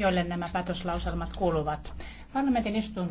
joille nämä päätöslauselmat kuuluvat. Parlamentin istun